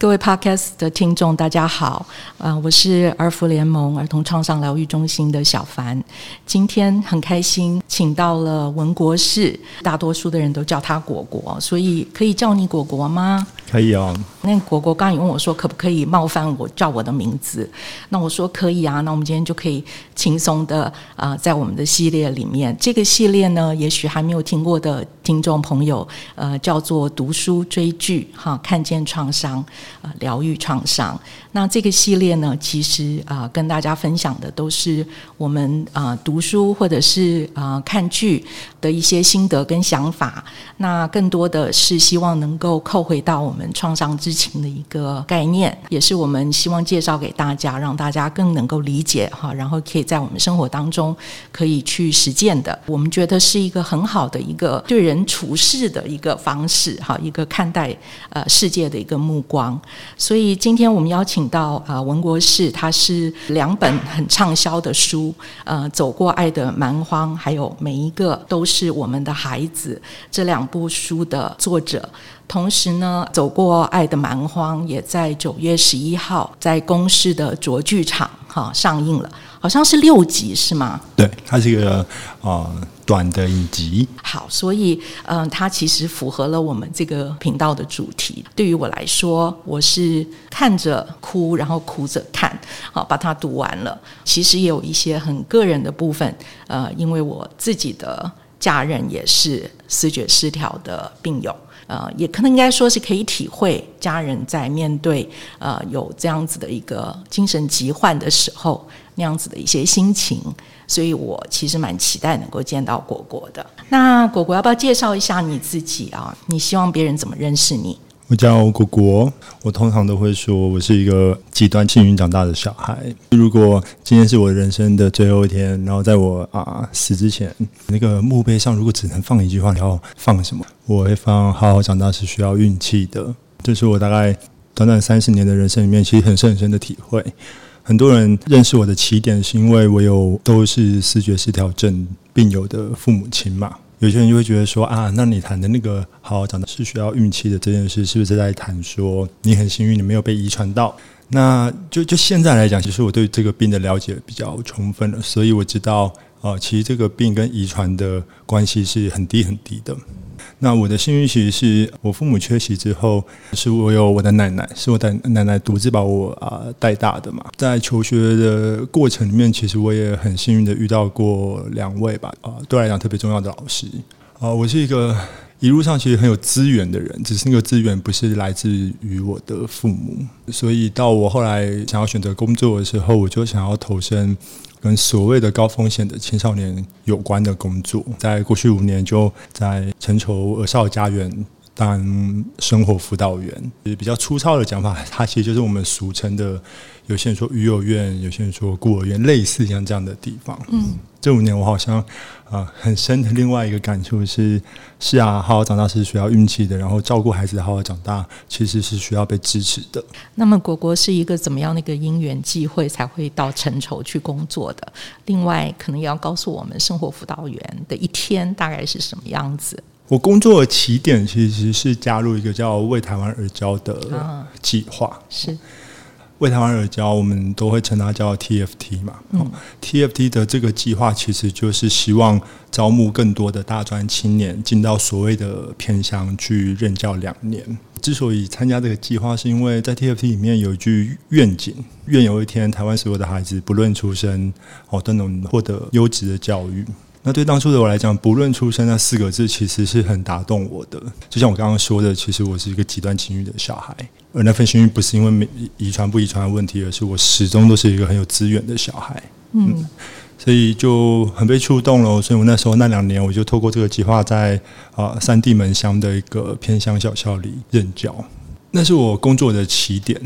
各位 Podcast 的聽眾，大家好，啊、呃，我是兒福聯盟兒童創傷療癒中心的小帆。今天很開心，請到了文國士，大多數的人都叫他國國，所以可以叫你國國嗎？可以哦。那國國剛才你問我說，可不可以冒犯我叫我的名字？那我說可以啊。那我們今天就可以輕鬆的啊、呃，在我們的系列裡面，這個系列呢，也許還沒有聽過的。聽眾朋友，呃，叫做讀書追劇，哈，看見創傷，啊、呃，療癒創傷。那這個系列呢，其實啊、呃，跟大家分享的都是我們啊、呃、讀書或者是啊、呃、看劇的一些心得跟想法。那更多的是希望能夠扣回到我們創傷知情的一個概念，也是我們希望介紹給大家，讓大家更能夠理解哈，然後可以在我們生活當中可以去實踐的。我們覺得是一個很好的一個對人處事的一個方式哈，一個看待呃世界的一個目光。所以今天我們邀請。請到啊，文國士，他是兩本很暢銷的書，呃，《走過愛的蠻荒》，還有每一個都是我們的孩子這兩部書的作者。同時呢，《走過愛的蠻荒》也在九月十一號在公視的卓劇場哈、啊、上映了。好像是六集是嗎？對，它是一個呃短的影集。好，所以嗯、呃，它其實符合了我們這個頻道的主題。對於我來說，我是看着哭，然後哭着看，好、哦、把它讀完了。其實也有一些很個人的部分，呃，因為我自己的家人也是思覺失調的病友，呃，也可能應該說是可以體會家人在面對呃有這樣子的一個精神疾患的時候。那樣子的一些心情，所以我其實蠻期待能夠見到國國的。那國國，要不要介紹一下你自己啊？你希望別人怎麼認識你？我叫國國，我通常都會說我是一個極端幸運長大的小孩。如果今天是我人生的最後一天，然後在我啊死之前，那個墓碑上如果只能放一句話，你要放什麼？我會放“好好長大是需要運氣的”，這是我大概短短三十年的人生裡面，其實很深很深的體會。很多人認識我的起點是因為我有都是思覺失調症病友的父母親嘛，有些人就會覺得說啊，那你談的那個好好講的是需要運氣的這件事，是不是在談說你很幸運你沒有被遺傳到？那就就現在來講，其實我對這個病的了解比較充分了，所以我知道哦、呃，其實這個病跟遺傳的關係是很低很低的。那我的幸運其實是我父母缺席之後，是我有我的奶奶，是我的奶奶獨自把我啊、呃、帶大的嘛。在求學的過程裡面，其實我也很幸運的遇到過兩位吧，啊、呃，對我來講特別重要的老師啊、呃。我是一個，一路上其實很有資源的人，只是那個資源不是來自於我的父母，所以到我後來想要選擇工作的時候，我就想要投身跟所謂的高風險的青少年有關的工作。在過去五年，就在陳綢兒少家園。當生活輔導員，就是比較粗糙的講法，它其實就是我們俗稱的，有些人說育幼院，有些人說孤兒院，類似像這樣的地方。嗯，嗯這五年我好像啊、呃、很深的另外一個感觸是，是啊，好好長大是需要運氣的，然後照顧孩子好好長大其實是需要被支持的。那麼國國是一個怎麼樣那個因緣際會才會到成籌去工作的？另外，可能也要告訴我們生活輔導員的一天大概是什麼樣子。我工作的起點其實是加入一個叫“為台灣而教”的計劃，是“為台灣而教”，我們都會稱它叫 TFT 嘛。TFT 的這個計劃其實就是希望招募更多的大專青年進到所謂的偏鄉去任教兩年。之所以參加這個計劃，是因為在 TFT 裡面有一句願景：願有一天台灣所有的孩子，不論出生，哦都能獲得優質的教育。那對當初的我來講，不論出身那四個字其實是很打動我的。就像我剛剛說的，其實我是一個極端幸運的小孩，而那份幸運不是因為遺傳不遺傳的問題，而是我始終都是一個很有資源的小孩嗯。嗯，所以就很被觸動了。所以我那時候那兩年，我就透過這個計劃，在、呃、啊三地門鄉的一個偏鄉小校裡任教，那是我工作的起點。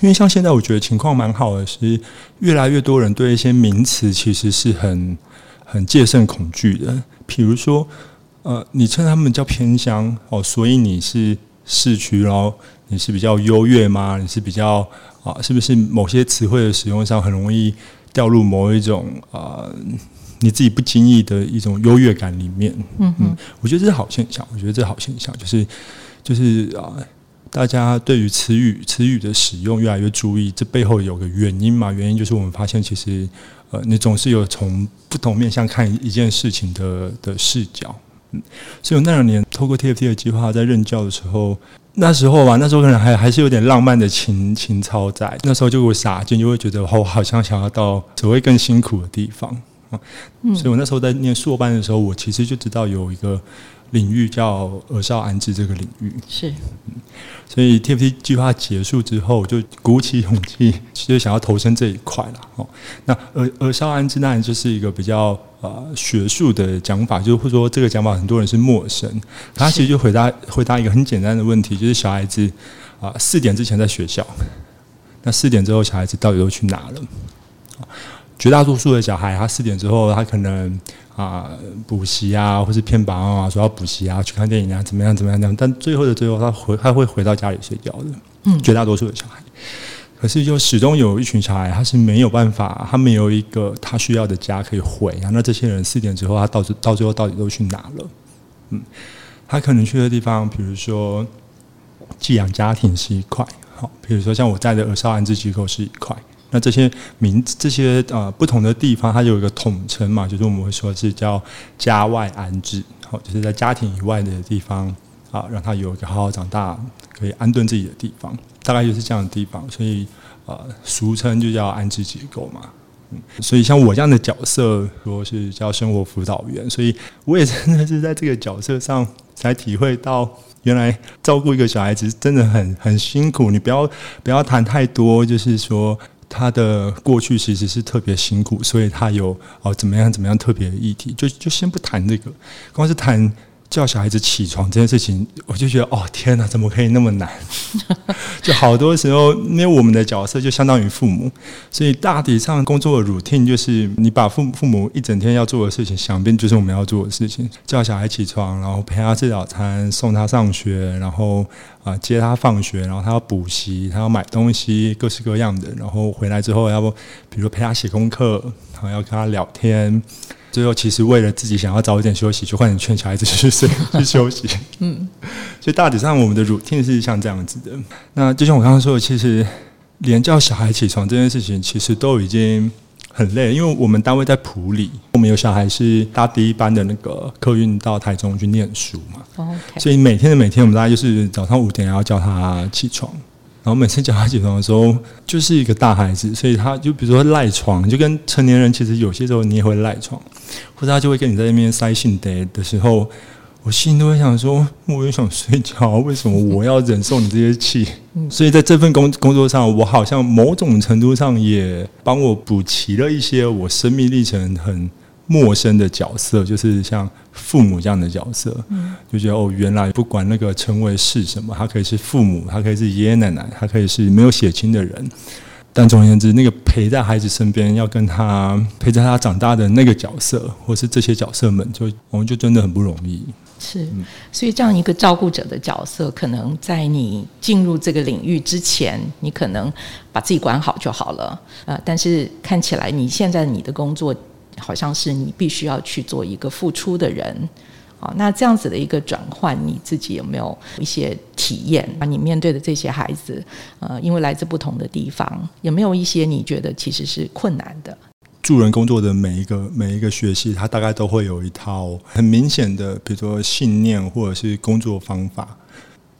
因為像現在，我覺得情況蠻好的，是越來越多人對一些名詞其實是很。很戒慎恐懼的，比如說，呃，你稱他們叫偏鄉哦，所以你是市區，然後你是比較優越嗎？你是比較啊？是不是某些詞彙的使用上很容易掉入某一種啊，你自己不經意的一種優越感裡面？嗯嗯，我覺得這是好現象，我覺得這是好現象，就是就是啊，大家對於詞語詞語的使用越來越注意，這背後有個原因嘛？原因就是我們發現其實。呃，你總是有從不同面向看一件事情的的視角，嗯，所以我那兩年透過 TFT 的計劃在任教的時候，那時候吧，那時候可能還還是有點浪漫的情情操在。那時候就會傻勁，就會覺得哦，好像想要到所謂更辛苦的地方，啊、嗯，所以我那時候在念碩班的時候，我其實就知道有一個，領域叫“兒少安置”，這個領域是，所以 TFT 計劃結束之後，就鼓起勇氣，其實想要投身這一塊了。哦，那“兒少安置”那裡就是一個比較呃學術的講法，就是會說這個講法很多人是陌生，他其實就回答回答一個很簡單的問題，就是小孩子啊四點之前在學校，那四點之後小孩子到底都去哪了？絕大多數的小孩，他四點之後，他可能啊補習啊，或是騙保啊，說要補習啊，去看電影啊，怎麼樣怎麼樣怎麼樣。但最後的最後，他回他會回到家裡睡覺的。嗯，絕大多數的小孩。可是，就始終有一群小孩，他是沒有辦法，他沒有一個他需要的家可以回啊。那這些人四點之後，他到到最後到底都去哪了？嗯，他可能去的地方，比如說寄養家庭是一塊。好、哦，比如說像我在的兒少安置機構是一塊。那這些名這些呃不同的地方，它有一個統稱嘛，就是我們會說是叫家外安置，好、哦，就是在家庭以外的地方啊，讓他有一個好好長大可以安頓自己的地方，大概就是這樣的地方，所以呃，俗稱就叫安置機構嘛。嗯，所以像我這樣的角色，如果是叫生活輔導員，所以我也真的是在這個角色上才體會到，原來照顧一個小孩子真的很很辛苦。你不要不要談太多，就是說。他的過去其實是特別辛苦，所以他有哦怎麼樣怎麼樣特別的議題，就就先不談這個，光是談，叫小孩子起床這件事情，我就覺得哦天哪，怎麼可以那麼難？ 就好多時候，因為我們的角色就相當於父母，所以大體上工作的 routine 就是你把父父母一整天要做的事情，想必就是我們要做的事情：叫小孩起床，然後陪他吃早餐，送他上學，然後啊接他放學，然後他要補習，他要買東西，各式各樣的。然後回來之後，要不比如陪他寫功課，然後要跟他聊天。最後，其實為了自己想要早一點休息，就換成勸小孩子去睡去休息。 嗯，所以大體上我們的乳 e 是像這樣子的。那就像我剛剛說的，其實連叫小孩起床這件事情，其實都已經很累，因為我們單位在普里，我們有小孩是搭第一班的那個客運到台中去念書嘛。Oh, okay. 所以每天的每天，我們大家就是早上五點要叫他起床。然後每次叫他起床的時候，就是一個大孩子，所以他就比如說賴床，就跟成年人其實，有些時候你也會賴床，或者他就會跟你在那邊塞信得的時候，我心都會想說，我也想睡覺，為什麼我要忍受你這些氣、嗯。所以在這份工工作上，我好像某種程度上也幫我補齊了一些我生命歷程很陌生的角色，就是像父母這樣的角色，嗯、就覺得哦，原來不管那個稱謂是什麼，他可以是父母，他可以是爺爺奶奶，他可以是沒有血親的人。但總而言之，那個陪在孩子身邊，要跟他陪在他長大的那個角色，或是這些角色們，就我們就真的很不容易。是，嗯、所以這樣一個照顧者的角色，可能在你進入這個領域之前，你可能把自己管好就好了。呃，但是看起來，你現在你的工作。好像是你必須要去做一個付出的人啊、哦，那這樣子的一個轉換，你自己有沒有一些體驗？把你面對的這些孩子，呃，因為來自不同的地方，有沒有一些你覺得其實是困難的？助人工作的每一個每一個學系，它大概都會有一套很明顯的，比如說信念或者是工作方法。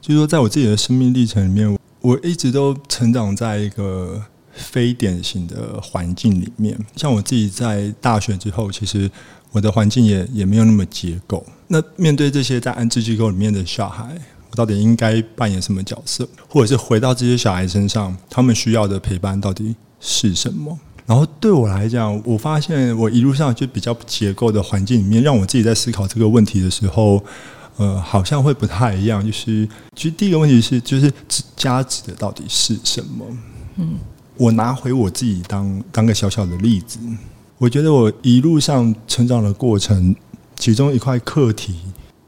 就是說在我自己的生命歷程裡面我，我一直都成長在一個。非典型的環境裡面，像我自己在大學之後，其實我的環境也也沒有那麼結構。那面對這些在安置機構裡面的小孩，我到底應該扮演什麼角色？或者是回到這些小孩身上，他們需要的陪伴到底是什麼？然後對我來講，我發現我一路上就比較結構的環境裡面，讓我自己在思考這個問題的時候，呃，好像會不太一樣。就是其實第一個問題是，就是家指的到底是什麼？嗯。我拿回我自己當當個小小的例子，我覺得我一路上成長的過程，其中一塊課題，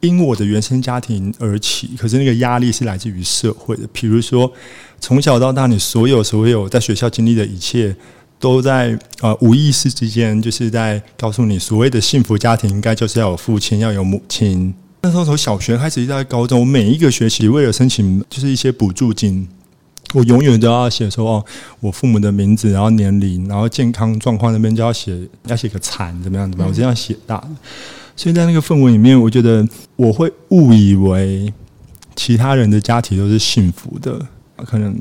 因我的原生家庭而起。可是那個壓力是來自於社會的，比如說從小到大，你所有所有在學校經歷的一切，都在啊、呃，無意識之間，就是在告訴你，所謂的幸福家庭，應該就是要有父親，要有母親。那時候從小學開始一直到高中，我每一個學期為了申請，就是一些補助金。我永遠都要寫說哦，我父母的名字，然後年齡，然後健康狀況那邊就要寫，要寫個慘，怎麼樣？怎麼樣？我這樣寫大的。所以在那個氛圍裡面，我覺得我會誤以為其他人的家庭都是幸福的。可能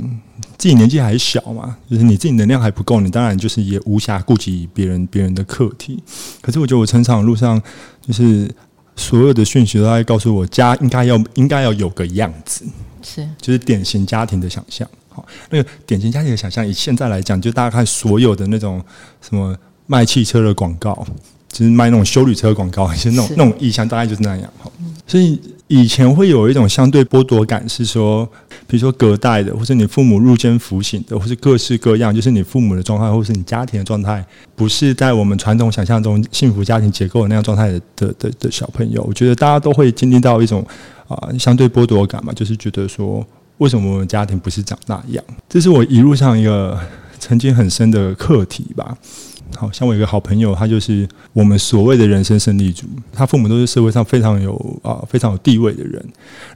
自己年紀還小嘛，就是你自己能量還不夠，你當然就是也無暇顧及別人別人的課題。可是我覺得我成長路上，就是所有的訊息都在告訴我，家應該要應該要有個樣子。是，就是典型家庭的想象，好，那個典型家庭的想象，以現在來講，就大概所有的那種什麼賣汽車的廣告，就是賣那種休旅車的廣告，就是、那種是那種意象，大概就是那樣，好。所以以前會有一種相對剝奪感，是說，比如說隔代的，或是你父母入監服刑的，或是各式各樣，就是你父母的狀態，或是你家庭的狀態，不是在我們傳統想象中幸福家庭結構的那樣狀態的的的，的小朋友，我覺得大家都會經歷到一種啊、呃、相對剝奪感嘛，就是覺得說，為什麼我們家庭不是長那樣？這是我一路上一個曾經很深的課題吧。好，像我有一個好朋友，他就是我們所謂的人生勝利組。他父母都是社會上非常有啊、呃，非常有地位的人，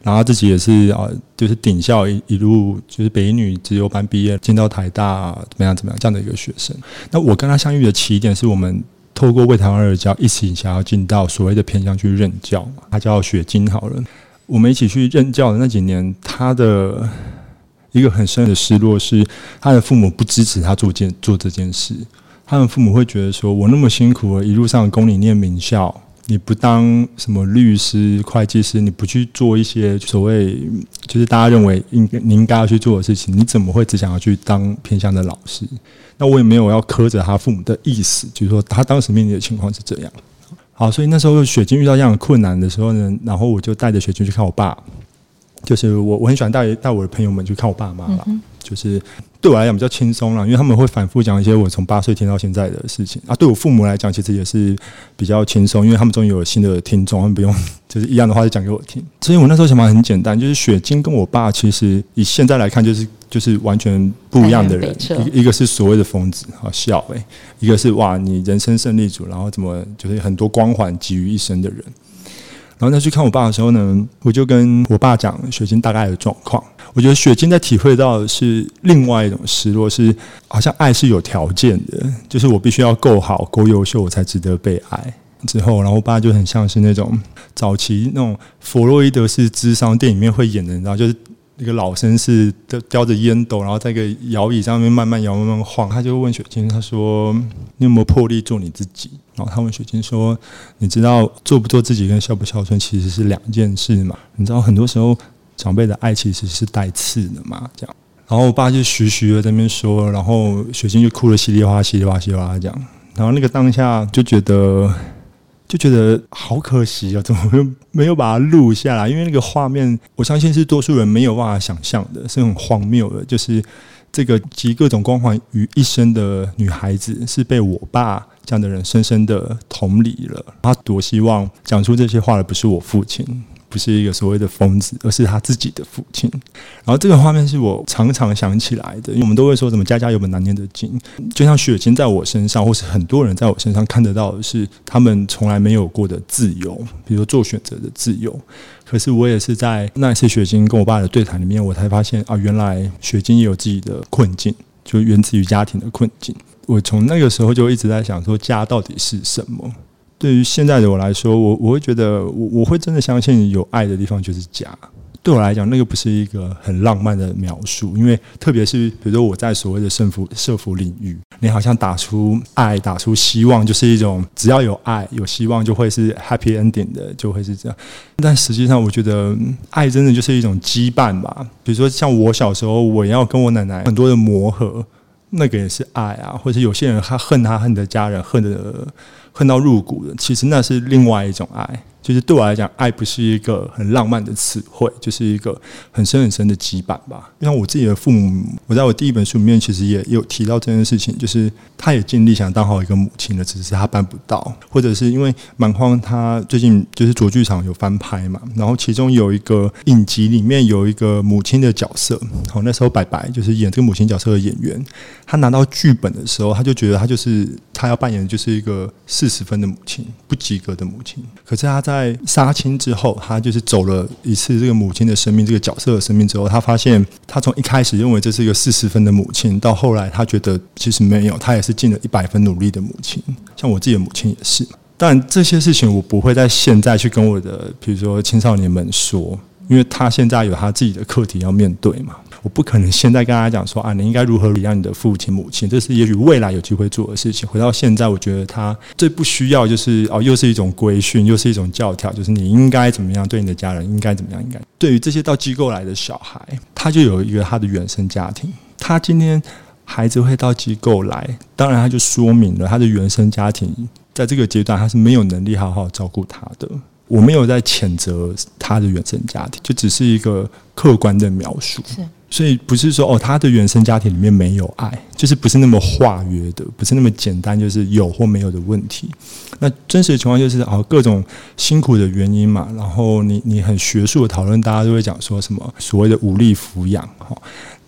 然後他自己也是啊、呃，就是頂校一一路，就是北一女資優班畢業，進到台大，啊、怎麼樣怎麼樣這樣的一個學生。那我跟他相遇的起點，是我們透過為台灣而教一起想要進到所謂的偏鄉去任教，他叫雪晶。好了，我們一起去任教的那幾年，他的一個很深的失落是，他的父母不支持他做件做這件事。他們父母會覺得說：“我那麼辛苦，一路上供你念名校，你不當什麼律師、會計師，你不去做一些所謂就是大家認為應該你應該要去做的事情，你怎麼會只想要去當偏鄉的老師？”那我也沒有要苛責他父母的意思，就是說他當時面臨的情況是這樣。好，所以那時候雪晶遇到這樣的困難的時候呢，然後我就帶着雪晶去看我爸，就是我我很喜歡帶帶我的朋友們去看我爸媽。就是對我來講比較輕鬆啦，因為他們會反覆講一些我從八歲聽到現在的事情啊。對我父母來講，其實也是比較輕鬆，因為他們終於有新的聽眾，他們不用就是一樣的話就講給我聽。所以我那時候想法很簡單，就是雪晶跟我爸其實以現在來看，就是就是完全不一樣的人，一個是所謂的瘋子，好笑哎、欸；一個是哇，你人生勝利組，然後怎麼就是很多光環集於一身的人。然後再去看我爸的時候呢，我就跟我爸講雪晶大概的狀況。我覺得雪晶在體會到的是另外一種失落，是好像愛是有條件的，就是我必須要夠好、夠優秀，我才值得被愛。之後，然後我爸就很像是那種早期那種弗洛伊德式諮商電影裡面會演的，然後就是。一個老紳士叼叼着煙斗，然後在一個搖椅上面慢慢搖，慢慢晃。他就問雪清，他說：“你有沒有魄力做你自己？”然後他問雪清說：“你知道做不做自己跟孝不孝順其實是兩件事嘛？你知道很多時候長輩的愛其實是帶刺的嘛？”這樣。然後我爸就徐徐的在那邊說，然後雪清就哭得稀里嘩稀里嘩稀里嘩這樣。然後那個當下就覺得。就覺得好可惜啊、哦！怎麼沒有把它錄下來？因為那個畫面，我相信是多數人沒有辦法想象的，是很荒謬的。就是這個集各種光環於一身的女孩子，是被我爸這樣的人深深的同理了。他多希望講出這些話的不是我父親。不是一個所謂的瘋子，而是他自己的父親。然後這個畫面是我常常想起來的，因為我們都會說什麼“家家有本難念的經”。就像雪晶在我身上，或是很多人在我身上看得到的是他們從來沒有過的自由，比如說做選擇的自由。可是我也是在那些雪晶跟我爸的對談裡面，我才發現啊，原來雪晶也有自己的困境，就源自於家庭的困境。我從那個時候就一直在想說，家到底是什麼？對於現在的我來說，我我會覺得我我會真的相信有愛的地方就是家。對我來講，那個不是一個很浪漫的描述，因為特別是比如說我在所謂的社福、社福領域，你好像打出愛、打出希望，就是一種只要有愛、有希望就會是 happy ending 的，就會是這樣。但實際上，我覺得，嗯，愛真的就是一種羈絆吧。比如說像我小時候，我也要跟我奶奶很多的磨合。那個也是愛啊，或者是有些人他恨他恨的家人，恨的，恨到入骨的，其實那是另外一種愛。就是對我來講，愛不是一個很浪漫的詞彙，就是一個很深很深的羈絆吧。因為我自己的父母，我在我第一本書裡面其實也有提到這件事情，就是他也盡力想當好一個母親的，只是他辦不到，或者是因為蠻荒，他最近就是卓劇場有翻拍嘛，然後其中有一個影集裡面有一個母親的角色，好，那時候白白就是演這個母親角色的演員，他拿到劇本的時候，他就覺得他就是他要扮演的就是一個四十分的母親，不及格的母親，可是他在殺青之後，他就是走了一次這個母親的生命，這個角色的生命之後，他發現他從一開始認為這是一個四十分的母親，到後來他覺得其實沒有，他也是盡了一百分努力的母親。像我自己的母親也是，但這些事情我不會在現在去跟我的，比如說青少年們說，因為他現在有他自己的課題要面對嘛。我不可能現在跟他講說啊，你應該如何培養你的父親母親，這是也許未來有機會做的事情。回到現在，我覺得他最不需要就是哦，又是一種規訓，又是一種教條，就是你應該怎麼樣對你的家人，應該怎麼樣。應該對於這些到機構來的小孩，他就有一個他的原生家庭。他今天孩子會到機構來，當然他就說明了他的原生家庭在這個階段他是沒有能力好好照顧他的。我沒有在譴責他的原生家庭，就只是一個客觀的描述。所以不是說哦，他的原生家庭裡面沒有愛，就是不是那麼化約的，不是那麼簡單，就是有或沒有的問題。那真實的情況就是哦，各種辛苦的原因嘛。然後你你很學術的討論，大家都會講說什麼所謂的無力撫養哈。哦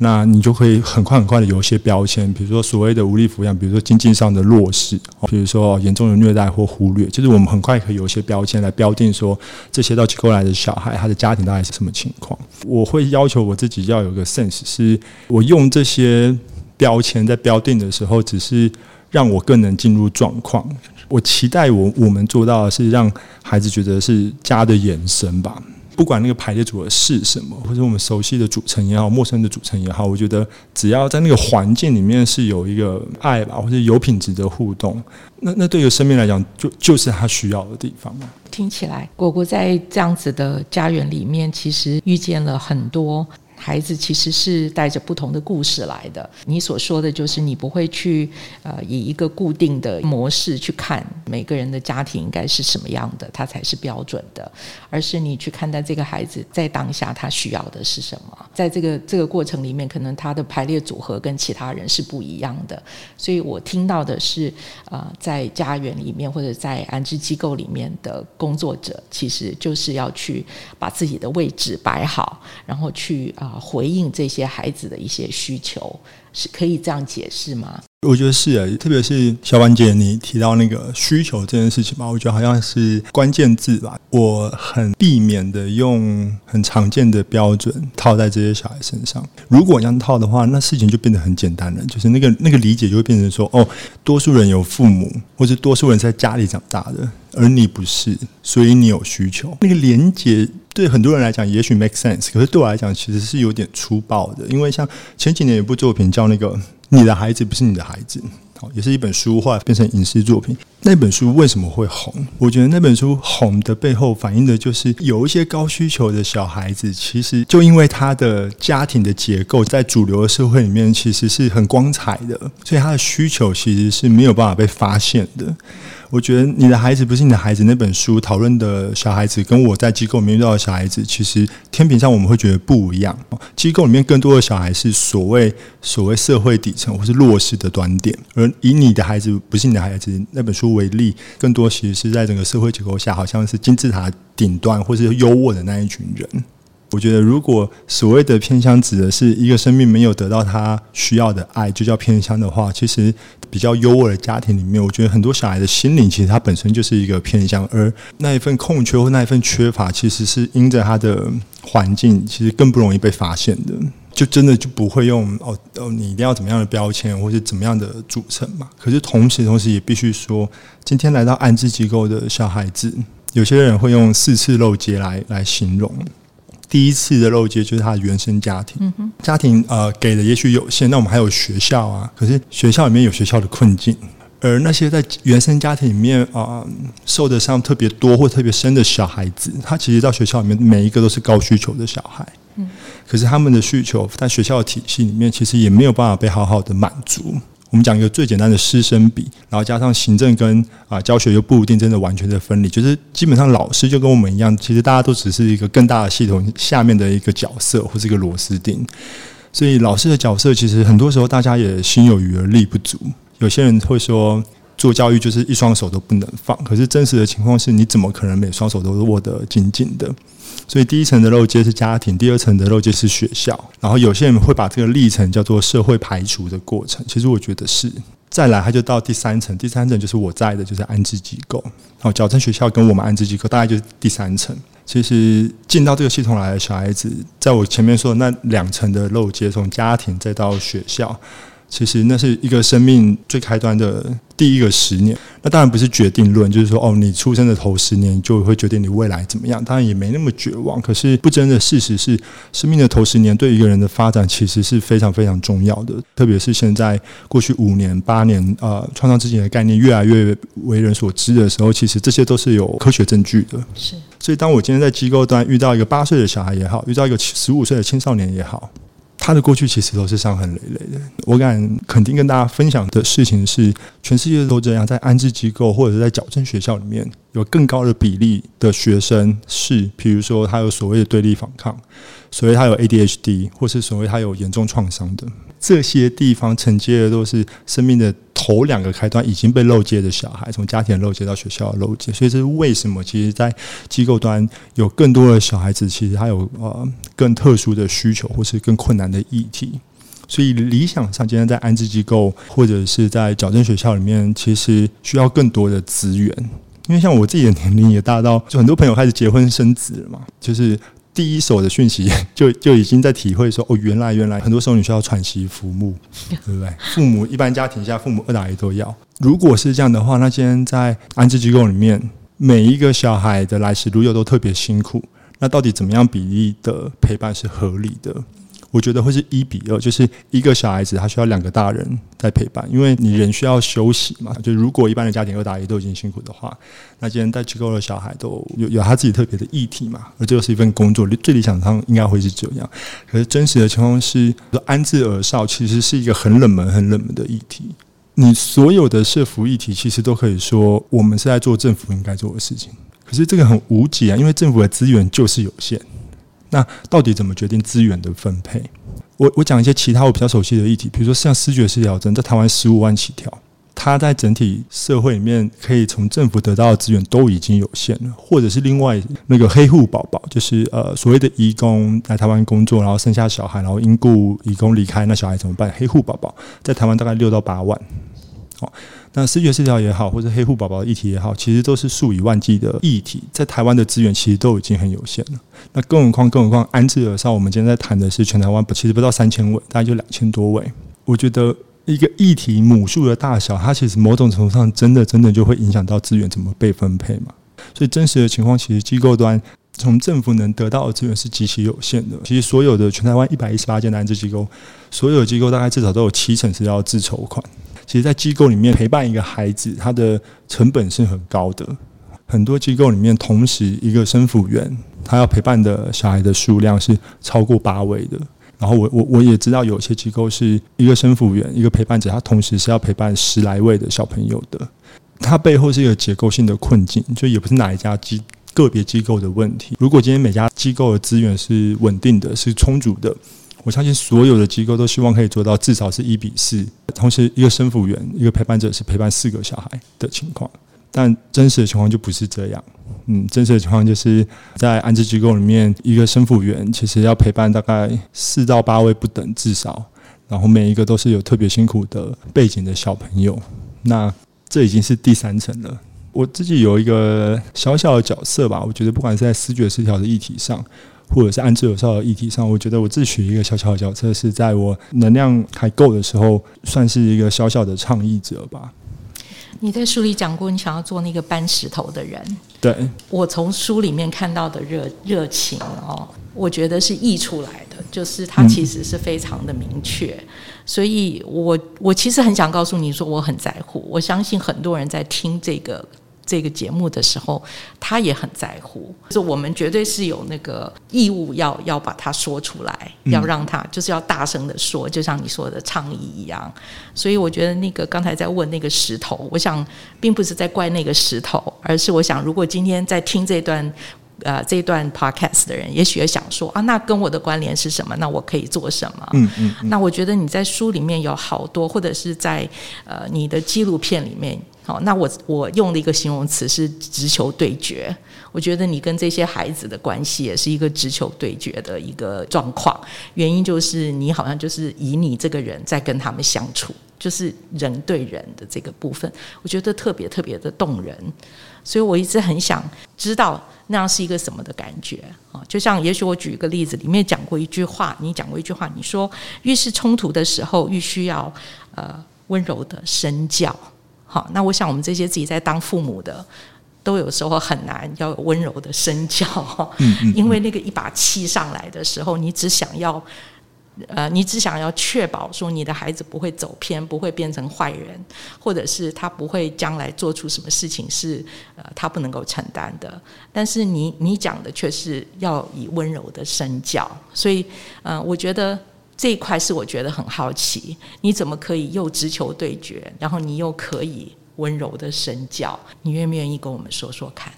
那你就可以很快很快的有一些標籤，比如說所謂的無力撫養，比如說經濟上的弱勢，比如說嚴重的虐待或忽略，就是我們很快可以有一些標籤來標定說，這些到機構來的小孩，他的家庭到底是什麼情況。我會要求我自己要有個 sense，是我用這些標籤在標定的時候，只是讓我更能進入狀況。我期待我我們做到的是讓孩子覺得是家的延伸吧。不管那個排列組合是什麼，或者我們熟悉的組成也好，陌生的組成也好，我覺得只要在那個環境裡面是有一個愛吧，或者有品質的互動，那那對於生命來講，就就是他需要的地方。聽起來，國國在這樣子的家園裡面，其實遇見了很多。孩子其實是帶着不同的故事來的。你所說的就是，你不會去呃以一個固定的模式去看每個人的家庭應該是什麼樣的，它才是標準的，而是你去看待這個孩子在當下他需要的是什麼。在這個這個過程裡面，可能他的排列組合跟其他人是不一樣的。所以我聽到的是，啊、呃，在家園裡面或者在安置機構裡面的工作者，其實就是要去把自己的位置擺好，然後去啊、呃、回應這些孩子的一些需求，是可以這樣解釋嗎？我覺得是、啊，特別是小帆姐你提到那個需求這件事情吧，我覺得好像是關鍵字吧。我很避免的用很常見的標準套在這些小孩身上，如果這樣套的話，那事情就變得很簡單了，就是那個那個理解就會變成說，哦，多數人有父母，或是多數人在家裡長大的，而你不是，所以你有需求。那個連結對很多人來講也許 make sense，可是對我來講其實是有點粗暴的，因為像前幾年有部作品叫那個。你的孩子不是你的孩子，好，也是一本書，後來變成影視作品。那本書為什麼會紅？我覺得那本書紅的背後反映的就是有一些高需求的小孩子，其實就因為他的家庭的結構，在主流的社會裡面其實是很光彩的，所以他的需求其實是沒有辦法被發現的。我覺得，你的孩子不是你的孩子那本書討論的小孩子跟我在機構裡面遇到的小孩子其實天平上我們會覺得不一樣。機構裡面更多的小孩是所謂所謂社會底層或是弱勢的端點，而以你的孩子不是你的孩子那本書為例，更多其實是在整個社會結構下好像是金字塔頂端或是優渥的那一群人。我覺得，如果所謂的偏鄉指的是一個生命沒有得到他需要的愛，就叫偏鄉的話，其實比較優渥的家庭裡面，我覺得很多小孩的心靈其實他本身就是一個偏鄉。而那一份空缺或那一份缺乏，其實是因着他的環境，其實更不容易被發現的，就真的就不會用哦哦，你一定要怎麼樣的標籤，或是怎麼樣的組成嘛。可是同時，同時也必須說，今天來到安置機構的小孩子，有些人會用四次漏接來來形容。第一次的漏接就是他的原生家庭，嗯、家庭呃給的也許有限，那我們還有學校啊，可是學校裡面有學校的困境，而那些在原生家庭裡面啊、呃、受的傷特別多或特別深的小孩子，他其實到學校裡面每一個都是高需求的小孩，嗯、可是他們的需求在學校的體系裡面其實也沒有辦法被好好的滿足。我們講一個最簡單的師生比，然後加上行政跟啊、呃、教學又不一定真的完全的分離，就是基本上老師就跟我們一樣，其實大家都只是一個更大的系統下面的一個角色或是一個螺絲釘。所以老師的角色其實很多時候大家也心有餘而力不足。有些人會說做教育就是一雙手都不能放，可是真實的情況是你怎麼可能每雙手都握得緊緊的？所以第一層的漏接是家庭，第二層的漏接是學校，然後有些人會把這個歷程叫做社會排除的過程。其實我覺得是。再來，他就到第三層，第三層就是我在的，就是安置機構，然後矯正學校跟我們安置機構大概就是第三層。其實進到這個系統來的小孩子，在我前面說的那兩層的漏接，從家庭再到學校。其實那是一個生命最開端的第一個十年，那當然不是決定論，就是說哦，你出生的頭十年就會決定你未來怎麼樣。當然也沒那麼絕望，可是不爭的事實是，生命的頭十年對一個人的發展其實是非常非常重要的。特別是現在過去五年八年，呃，創傷知情的概念越來越為人所知的時候，其實這些都是有科學證據的。是，所以當我今天在機構端遇到一個八歲的小孩也好，遇到一個十五歲的青少年也好。他的過去其實都是傷痕累累的。我敢肯定，跟大家分享的事情是，全世界都這樣。在安置機構或者是在矯正學校裡面，有更高的比例的學生是，比如說他有所謂的對立反抗，所謂他有 ADHD，或是所謂他有嚴重創傷的。這些地方承接的都是生命的頭兩個開端，已經被漏接的小孩，從家庭漏接到學校漏接。所以，這是為什麼？其實，在機構端有更多的小孩子，其實他有呃。更特殊的需求，或是更困難的議題，所以理想上，今天在安置機構或者是在矯正學校裡面，其實需要更多的資源。因為像我自己的年齡也大到，就很多朋友開始結婚生子了嘛，就是第一手的訊息就就已經在體會說，哦，原來原來很多時候你需要喘息服務，對不對？ 父母一般家庭下，父母二打一都要。如果是這樣的話，那今天在安置機構裡面，每一個小孩的來時路又都特別辛苦。那到底怎麼樣比例的陪伴是合理的？我覺得會是一比二，就是一個小孩子他需要兩個大人在陪伴，因為你人需要休息嘛。就如果一般的家庭二打一都已經辛苦的話，那今天帶機構的小孩都有有他自己特別的議題嘛，而這又是一份工作，最理想上應該會是這樣。可是真實的情況是，安置兒少其實是一個很冷門、很冷門的議題。你所有的社福議題，其實都可以說我們是在做政府應該做的事情。可是這個很無解啊，因為政府的資源就是有限。那到底怎麼決定資源的分配？我我講一些其他我比較熟悉的議題，比如說像思覺失調症，在台灣十五萬起跳。他在整體社會裡面可以從政府得到的資源都已經有限了。或者是另外那個黑戶寶寶，就是呃所謂的移工來台灣工作，然後生下小孩，然後因故移工離開，那小孩怎麼辦？黑戶寶寶在台灣大概六到八萬。哦那視覺失調也好，或者黑戶寶寶的議題也好，其實都是數以萬計的議題，在台灣的資源其實都已經很有限了。那更何況，更何況安置兒少，我們今天在談的是全台灣，其實不到三千位，大概就兩千多位。我覺得一個議題母數的大小，它其實某種程度上真的真的就會影響到資源怎麼被分配嘛。所以真實的情況，其實機構端從政府能得到的資源是極其有限的。其實所有的全台灣一百一十八間的安置機構，所有機構大概至少都有七成是要自籌款。其實，在機構裡面陪伴一個孩子，他的成本是很高的。很多機構裡面，同時一個生輔員，他要陪伴的小孩的數量是超過八位的。然後我，我我我也知道，有些機構是一個生輔員，一個陪伴者，他同時是要陪伴十來位的小朋友的。它背後是一個結構性的困境，就也不是哪一家機個別機構的問題。如果今天每家機構的資源是穩定的，是充足的，我相信所有的機構都希望可以做到至少是一比四，同時一個生輔員，一個陪伴者是陪伴四個小孩的情況，但真實的情況就不是這樣。嗯，真實的情況就是在安置機構裡面，一個生輔員其實要陪伴大概四到八位不等，至少，然後每一個都是有特別辛苦的背景的小朋友。那這已經是第三層了。我自己有一個小小的角色吧，我覺得不管是在思覺失調的議題上，或者是安置有效的議題上，我覺得我自詡一個小小的角色，是在我能量還夠的時候，算是一個小小的倡議者吧。你在書裡講過，你想要做那個搬石頭的人。對，我從書裡面看到的熱熱情哦，我覺得是溢出來的，就是他其實是非常的明確，嗯。所以我，我我其實很想告訴你說，我很在乎。我相信很多人在聽這個。這個節目的時候，他也很在乎，就是、我們絕對是有那個義務要要把他說出來，要讓他就是要大聲的說，就像你說的倡議一樣。所以我覺得那個剛才在問那個石頭，我想並不是在怪那個石頭，而是我想如果今天在聽這段呃這段 podcast 的人，也許也想說啊，那跟我的關聯是什麼？那我可以做什麼？嗯嗯，嗯。那我覺得你在書裡面有好多，或者是在呃你的紀錄片裡面。好，那我我用的一個形容詞是“直球對決”。我覺得你跟這些孩子的關係也是一個“直球對決”的一個狀況。原因就是你好像就是以你這個人在跟他們相處，就是人對人的這個部分，我覺得特別特別的動人。所以我一直很想知道那樣是一個什麼的感覺。啊，就像也許我舉一個例子，裡面講過一句話，你講過一句話，你說越是衝突的時候，越需要呃溫柔的身教。好，那我想我們這些自己在當父母的，都有時候很難要有溫柔的身教，因為那個一把氣上來的時候，你只想要，呃，你只想要確保說你的孩子不會走偏，不會變成壞人，或者是他不會將來做出什麼事情是呃他不能夠承擔的。但是你你講的卻是要以溫柔的身教，所以呃，我覺得。這一塊是我覺得很好奇，你怎麼可以又直球對決，然後你又可以溫柔的身教？你願不願意跟我們說說看？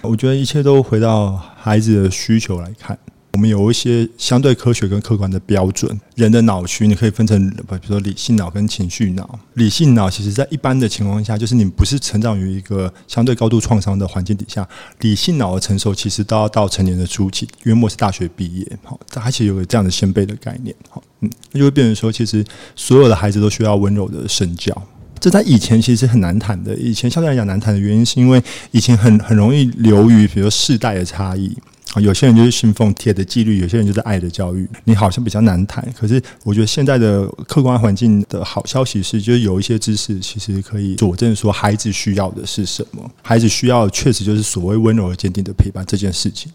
我覺得一切都回到孩子的需求來看。我們有一些相對科學跟客觀的標準，人的腦區你可以分成比如說理性腦跟情緒腦。理性腦其實在一般的情況下，就是你不是成長於一個相對高度創傷的環境底下，理性腦的成熟其實都要到成年的初期，約莫是大學畢業。好，它其實有個這樣的先輩的概念。好，嗯，那就會變成說，其實所有的孩子都需要溫柔的身教。這在以前其實是很難談的，以前相對來講難談的原因是因為以前很很容易流於，比如說世代的差異。啊，有些人就是信奉鐵的紀律，有些人就是愛的教育。你好像比較難談，可是我覺得現在的客觀環境的好消息是，就是有一些知識其實可以佐證說，孩子需要的是什麼？孩子需要確實就是所謂溫柔而堅定的陪伴這件事情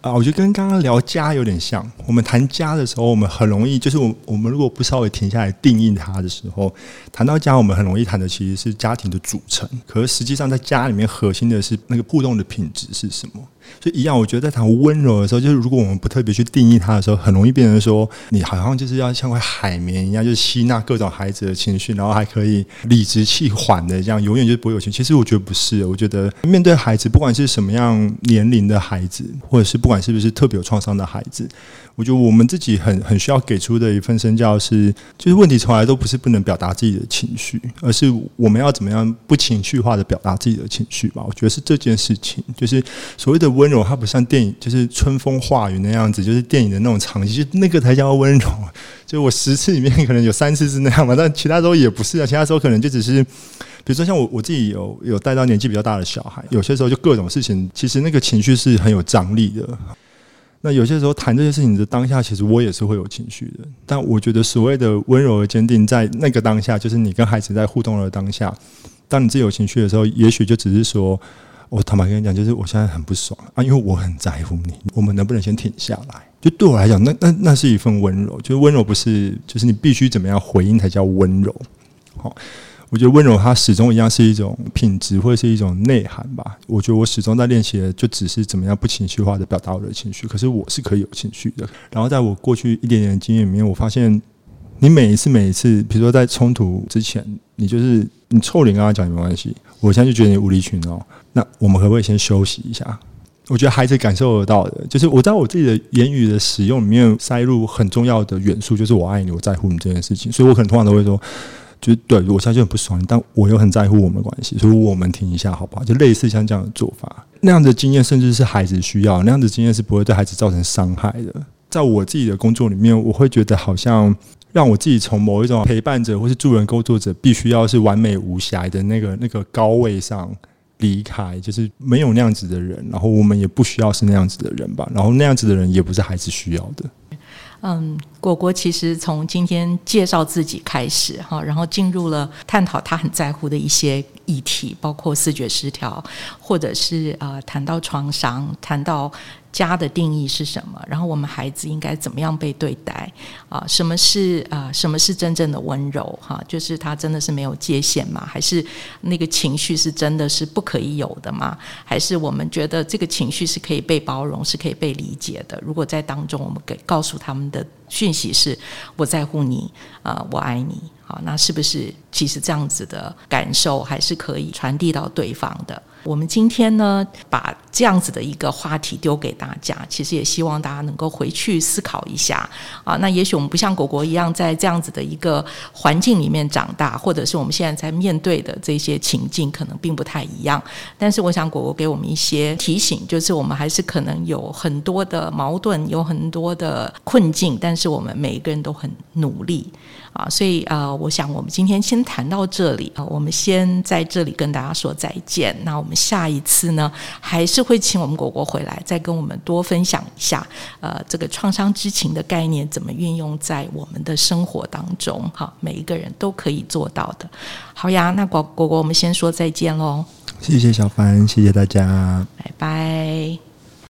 啊。我覺得跟剛剛聊家有點像，我們談家的時候，我們很容易就是我們我們如果不稍微停下來定義它的時候，談到家，我們很容易談的其實是家庭的組成。可是實際上在家裡面核心的是那個互動的品質是什麼？所以一樣，我覺得在談溫柔的時候，就是如果我們不特別去定義它的時候，很容易變成說，你好像就是要像塊海綿一樣，就是吸納各種孩子的情緒，然後還可以理直氣緩的這樣，永遠就是不會有情緒。其實我覺得不是，我覺得面對孩子，不管是什麼樣年齡的孩子，或者是不管是不是特別有創傷的孩子。我覺得我們自己很很需要給出的一份身教是，就是問題從來都不是不能表達自己的情緒，而是我們要怎麼樣不情緒化的表達自己的情緒吧。我覺得是這件事情，就是所謂的溫柔，它不像電影，就是春風化雨那樣子，就是電影的那種場景，就那個才叫溫柔。就我十次裡面可能有三次是那樣嘛，但其他時候也不是啊。其他時候可能就只是，比如說像我我自己有有帶到年紀比較大的小孩，有些時候就各種事情，其實那個情緒是很有張力的。那有些時候談這些事情的當下，其實我也是會有情緒的。但我覺得所謂的溫柔而堅定，在那個當下，就是你跟孩子在互動的當下，當你自己有情緒的時候，也許就只是說，我坦白跟你講，就是我現在很不爽啊，因為我很在乎你。我們能不能先停下來？就對我來講，那那那是一份溫柔。就是溫柔不是，就是你必須怎麼樣回應才叫溫柔？好。我覺得溫柔，它始終一樣是一種品質，或者是一種內涵吧。我覺得我始終在練習的，就只是怎麼樣不情緒化的表達我的情緒。可是我是可以有情緒的。然後在我過去一點點的經驗裡面，我發現你每一次、每一次，比如說在衝突之前，你就是你臭臉跟他講也沒關係，我現在就覺得你無理取鬧。那我們可不可以先休息一下？我覺得孩子感受得到的，就是我在我自己的言語的使用裡面塞入很重要的元素，就是我愛你，我在乎你這件事情。所以我可能通常都會說。就對我現在就很不爽，但我又很在乎我們的關係，所以我們停一下，好不好？就類似像這樣的做法，那樣的經驗，甚至是孩子需要那樣子的經驗，是不會對孩子造成傷害的。在我自己的工作裡面，我會覺得好像讓我自己從某一種陪伴者或是助人工作者，必須要是完美無瑕的那個那個高位上離開，就是沒有那樣子的人，然後我們也不需要是那樣子的人吧，然後那樣子的人也不是孩子需要的。嗯，國國其實從今天介紹自己開始哈，然後進入了探討他很在乎的一些議題，包括思覺失調，或者是啊談到創傷，談到，談到家的定義是什麼？然後我們孩子應該怎麼樣被對待啊？什麼是啊？什麼是真正的溫柔？哈、啊，就是他真的是沒有界限嗎？還是那個情緒是真的是不可以有的嗎？還是我們覺得這個情緒是可以被包容、是可以被理解的？如果在當中，我們給告訴他們的。訊息是我在乎你啊、呃，我愛你。好、啊,那是不是其實這樣子的感受還是可以傳遞到對方的？我們今天呢，把這樣子的一個話題丟給大家，其實也希望大家能夠回去思考一下啊。那也許我們不像國國一樣在這樣子的一個環境裡面長大，或者是我們現在在面對的這些情境可能並不太一樣。但是，我想國國給我們一些提醒，就是我們還是可能有很多的矛盾，有很多的困境，但是我們每一個人都很努力啊，所以呃，我想我們今天先談到這裡啊、呃，我們先在這裡跟大家說再見。那我們下一次呢，還是會請我們果果回來，再跟我們多分享一下呃，這個創傷知情的概念怎麼運用在我們的生活當中。好、啊，每一個人都可以做到的。好呀，那果果果，我們先說再見嘍。謝謝小帆，謝謝大家，拜拜。